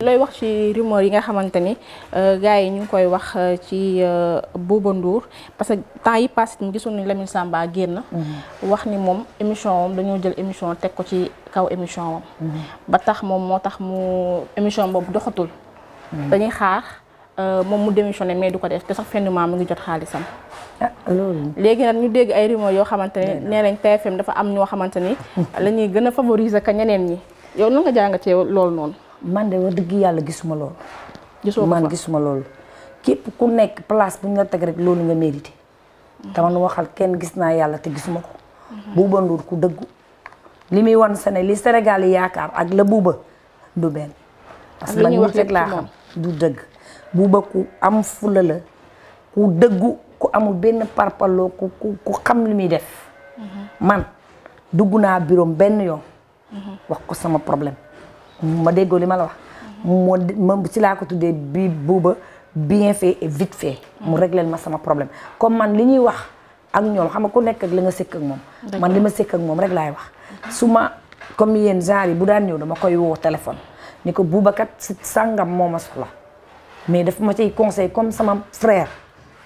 looy wax ci rumeur yi nga xamante ni euh, gars yi ñu ngi koy wax euh, ci euh, Bouba Ndour parce que temps yi passé mu gisoon ni Lamine Samba génn. Mm-hmm. wax ni moom émission wam dañoo jël émission teg ko ci kaw émission wam. Mm-hmm. ba tax moom moo tax mu émission boobu doxatul. Mm-hmm. dañuy xaar moom mu démissionné mais du ko def te sax fenn mu ngi jot xaalisam. Ah, loolu léegi nag ñu dégg ay rumeur yoo xamante ne nee nañ TFM dafa am ñoo xamante ni. la ñuy gën a favoriser ka ñeneen ñi yow nan loolu noonu. man de wax dëgg yàlla gisuma loolu. gisuma man gisuma loolu. képp ku nekk place bu ñu la teg rek loolu nga mérité. te man waxal kenn gis naa yàlla te gisuma ko. Bouba Ndour ku dëggu. li muy wan sa li Sénégal yi ak la Bouba du benn. parce que man ñu rek laa du dëgg. Bouba ku am fula la dëggu ku amul benn parparloo xam li muy def. Mhm. man dugg naa biroom benn yoon. Mhm. wax ko sama problème. ma déggoo li ma la wax. moo ma si laa ko tuddee bi buuba bien fait et vite fait. mu mm. régleel ma sama problème comme man li ñuy wax ak ñoom xam nga ku nekk ak li nga sëkk ak moom. man li ma sëkk ak moom rek laay wax. su ma comme yéen genre yi bu daan ñëw dama koy woo téléphone ni ko buubakat si sàngam moo ma soxla mais daf ma ciy conseil comme sama frère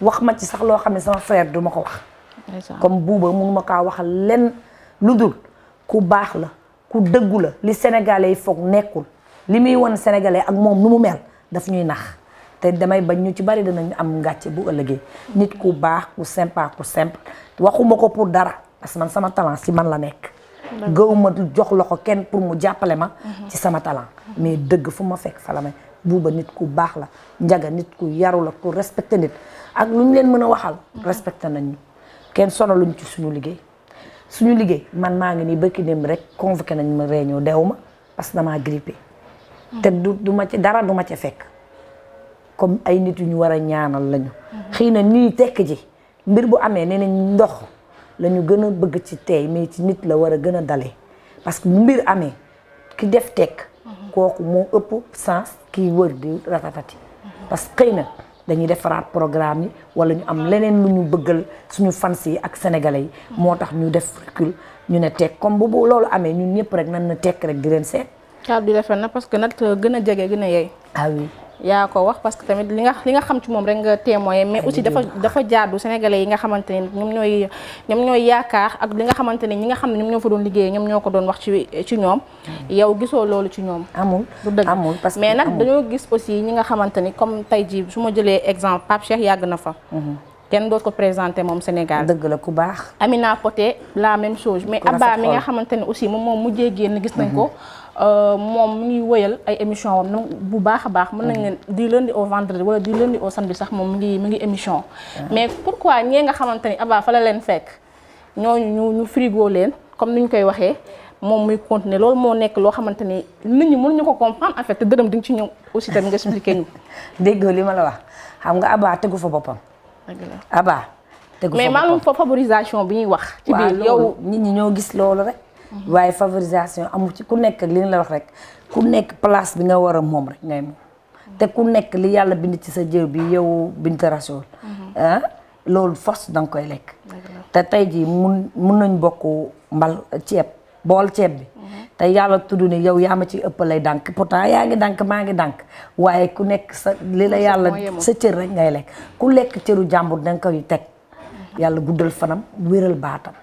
wax ma ci sax loo xam ne sama frère du ma ko wax. comme buuba mënu ma kaa wax lenn lu dul ku baax la. ku dëggu la li sénégalais yi nekul, nekkul li muy won sénégalais ak mom numu mel daf ñuy nax té damay bañ ñu ci bari am ngàcce bu ëllëgee nit ku baax ku sympa ku simple waxuma ko pour dara parce man sama talent si man la nek gëwuma jox loxo kenn pour mu lema, ma mhm. ci sama talent mais deug fu ma fekk fa la may buuba nit ku baax la njaga nit ku yaru la ku respecté nit ak luñu leen mëna waxal mhm. respecté nañ ñu kenn sonaluñ ci suñu liggéey suñu liggéey man maa ngi nii bëkki dem rek convoqué nañ ma réunion dew ma parce que damaa grippé. Hmm. te du du ma ci dara duma ma ca fekk. comme ay nit yu ñu war a ñaanal lañu. Hmm. xëy na ñuy tekk ji mbir bu amee nee nañ ndox la ñu gën a bëgg ci tey mais ci nit la war a gën a dale parce que bu mbir amee ki def tekk. Hmm. kooku moo ëpp sens kiy wër di ratatati. parce que xëy na. dañuy defaraat programme yi wala ñu am leneen lu ñu bëggal suñu fans yi ak sénégalais yi. moo tax ñu def recul ñu ne teg comme bu loolu amee ñun ñëpp rek nan na tekk rek di leen seet. kàddu yi rafet na parce que nag gën a jege gën a yey. ah oui. yaa ko wax parce que tamit li nga li nga xam ci moom rek nga témoin mais aussi dafa dafa jaadu sénégalais yi nga xamante ni ñoom ñooy ñoom ñooy yaakaar ak li nga xamante ni ñi nga xam ne ñoom ñoo fa doon liggéeyee ñoom ñoo ko doon wax ci ci ñoom hmm. yow gisoo loolu ci ñoom amul du dëgg amul parce que mais nag dañoo gis aussi ñi nga xamante ni comme tey jii su ma jëlee exemple Pape yàgg na fa hmm. kenn doot ko présenté moom Sénégal dëgg la ku baax Amina Poté la même chose mais Abba mi nga xamante ne aussi moom moom mujjee génn gis nañ ko hmm. Euh, moom mu ngi wëyal ay émission wam bu baax a baax mën nañ mm-hmm. leen di lundi au vendredi wala di lundi au samedi sax moom mu ngi mu ngi émission mm-hmm. mais pour pourquoi ñee nga xamante ni Abba fa la leen fekk ñooñu ñu ñu frigo leen comme ni ñu koy waxee moom muy continuer loolu moo nekk loo xamante ni nit ñi ñu ko comprendre en fait te dërëm di nga ci ñëw aussi tamit nga expliqué ñu. déggoo li ma la wax xam nga Abba tegu fa boppam. Abba tegu fa boppam mais maanaam bi ñuy wax. ci nit ñi ñoo gis loolu rek. waaye favorisation amu ci ku nekk li nga la wax rek ku nekk place bi nga war a moom rek ngay moom te ku nekk li yàlla bind ci sa jëw bi yow Binta Rasoul mhm. ah loolu force danga koy lekk te tey jii mun mun nañ bokk mbal ceeb bool ceeb bi mhm. te yàlla tudd ni yow yaa ma ci ëpp lay dànk pourtant yaa ngi dànk maa ngi dànk waaye ku nekk sa li la yàlla sa cër rek ngay lekk ku lekk cëru jàmbur danga koy teg mhm. yàlla guddal fanam wéral baatam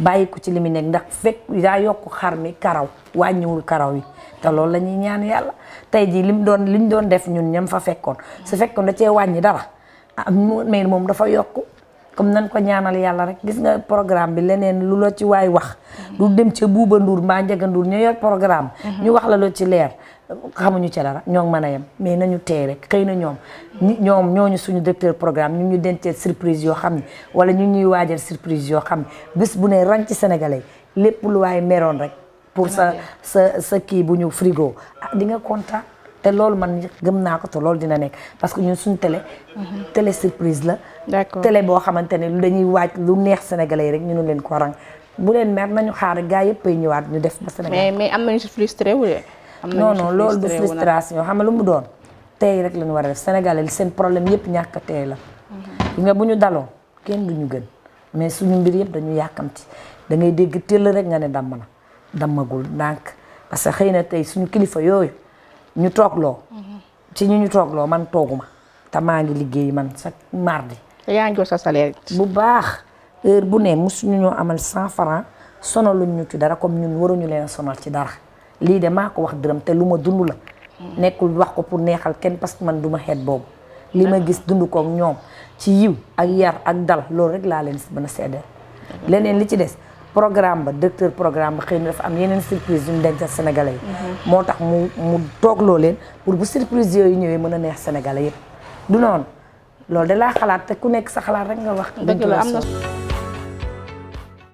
bàyyi ko ci li mu nekk ndax fekk yaa yokku xar mi karaw wàññiwul karaw yi te loolu la ñuy ñaan yàlla tey jii lim doon liñ doon def ñun ñam fa fekkoon su fekkoon da cee wàññi dara ah mais moom dafa yokk comme nañ ko ñaanal yàlla rek gis nga programme bi leneen lu la ci waay wax du dem ca buubanduur nduur mbaa ñu yor programme mhm. ñu wax la lu ci leer xamuñu ci dara ñoom ngi mën a yem mais nañu tey rek xëy na ñoom ñoom ñooñu suñu directeur programme ñu ñu dencee surprise yoo xam ne wala ñu ñuy waajal surprise yoo xam ne bés bu nee rang ci sénégalais lépp lu waaye meroon rek pour sa sa sa kii bu ñu frigo ah di nga te loolu man gëm naa ko te loolu dina nekk parce que ñun suñu tele télé surprise la. d'accord télé boo xamante ne lu dañuy waaj lu neex sénégalais yi rek ñu ne leen ko rang bu leen mer nañu xaar gars yëpp ay ñëwaat ñu def. ba Sénégal mais am nañu si frustré wu am nañu non non loolu xam nga lu mu doon. tey rek la ñu war a def sénégalais seen problème yëpp ñàkk a la. yi nga bu ñu daloo kenn du ñu gën mais suñu mbir yëpp dañu yàkkamti da dégg teel rek nga ne damm na dammagul ndànk parce que xëy na tey suñu kilifa yooyu ñu toogloo. ci ñu ñu toogloo man tooguma te maa ngi liggéey man chaque mardi. yaa ngi sa salaire. bu baax heure bu ne mosuñu ñoo amal cent franc sonaluñ ñu ci dara comme ñun waruñu leen sonal ci dara lii de maa ko wax dërëm te lu ma dund la. nekkul wax ko pour neexal kenn parce que man du ma xeet boobu. li ma gis dund koog ñoom ci yiw ak yar ak dal loolu rek laa leen si mën a seddeel leneen li ci des. programme ba docteur programme ba xëy na dafa am yeneen surprise yu mu dencal sénégalais yi. moo tax mu mu toogloo leen pour bu surprise yooyu ñëwee mën a neex sénégalais yëpp du noonu loolu da laa xalaat te ku nekk sa xalaat rek nga wax. dëgg la am na